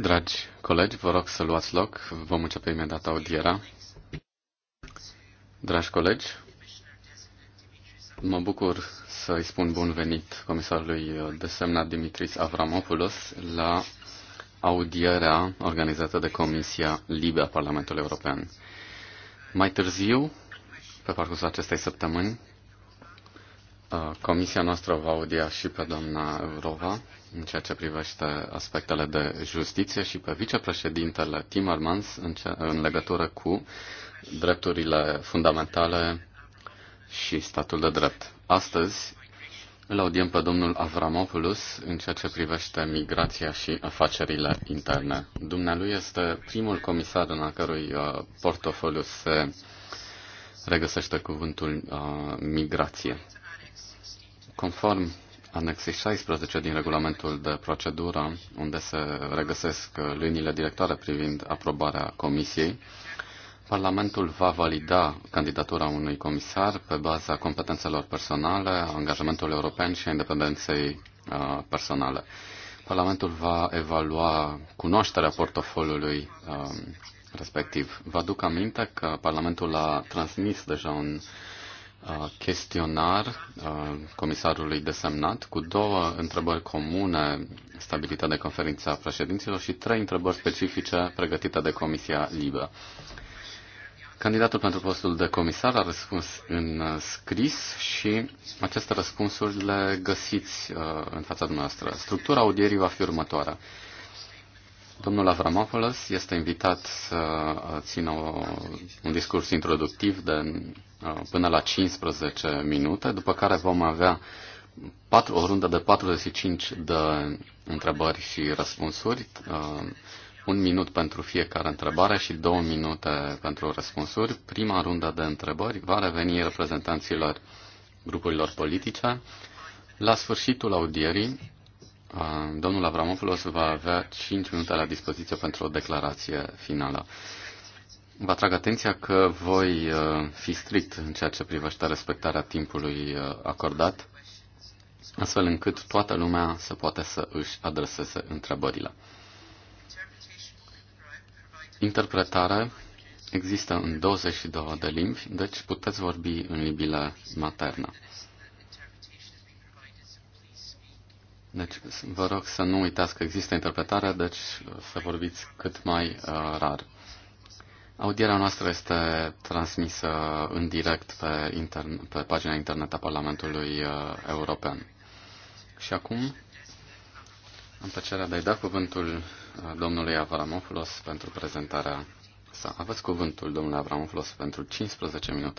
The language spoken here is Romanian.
Dragi colegi, vă rog să luați loc. Vom începe imediat audiera. Dragi colegi, mă bucur să i spun bun venit comisarului desemnat Dimitris Avramopoulos la audierea organizată de Comisia Libe a Parlamentului European. Mai târziu, pe parcursul acestei săptămâni, Comisia noastră va audia și pe doamna Eurova în ceea ce privește aspectele de justiție și pe vicepreședintele Timmermans în, ce, în legătură cu drepturile fundamentale și statul de drept. Astăzi îl audiem pe domnul Avramopoulos în ceea ce privește migrația și afacerile interne. Dumnealui este primul comisar în a cărui portofoliu se regăsește cuvântul uh, migrație. Conform anexei 16 din regulamentul de procedură, unde se regăsesc uh, liniile directoare privind aprobarea Comisiei, Parlamentul va valida candidatura unui comisar pe baza competențelor personale, angajamentului european și a independenței uh, personale. Parlamentul va evalua cunoașterea portofoliului uh, respectiv. Vă aduc aminte că Parlamentul a transmis deja un chestionar comisarului desemnat cu două întrebări comune stabilite de conferința președinților și trei întrebări specifice pregătite de Comisia Libă. Candidatul pentru postul de comisar a răspuns în scris și aceste răspunsuri le găsiți în fața dumneavoastră. Structura audierii va fi următoarea. Domnul Avramopoulos este invitat să țină un discurs introductiv de uh, până la 15 minute, după care vom avea patru, o rundă de 45 de întrebări și răspunsuri, uh, un minut pentru fiecare întrebare și două minute pentru răspunsuri. Prima rundă de întrebări va reveni reprezentanților grupurilor politice. La sfârșitul audierii, Domnul Avramopoulos va avea 5 minute la dispoziție pentru o declarație finală. Vă atrag atenția că voi uh, fi strict în ceea ce privește respectarea timpului uh, acordat, astfel încât toată lumea să poată să își adreseze întrebările. Interpretare există în 22 de limbi, deci puteți vorbi în limbile maternă. Deci vă rog să nu uitați că există interpretare, deci să vorbiți cât mai uh, rar. Audierea noastră este transmisă în direct pe, interne, pe pagina internet a Parlamentului uh, European. Și acum am plăcerea de a-i da cuvântul uh, domnului Avramopoulos pentru prezentarea sa. Aveți cuvântul, domnule Avramopoulos, pentru 15 minute.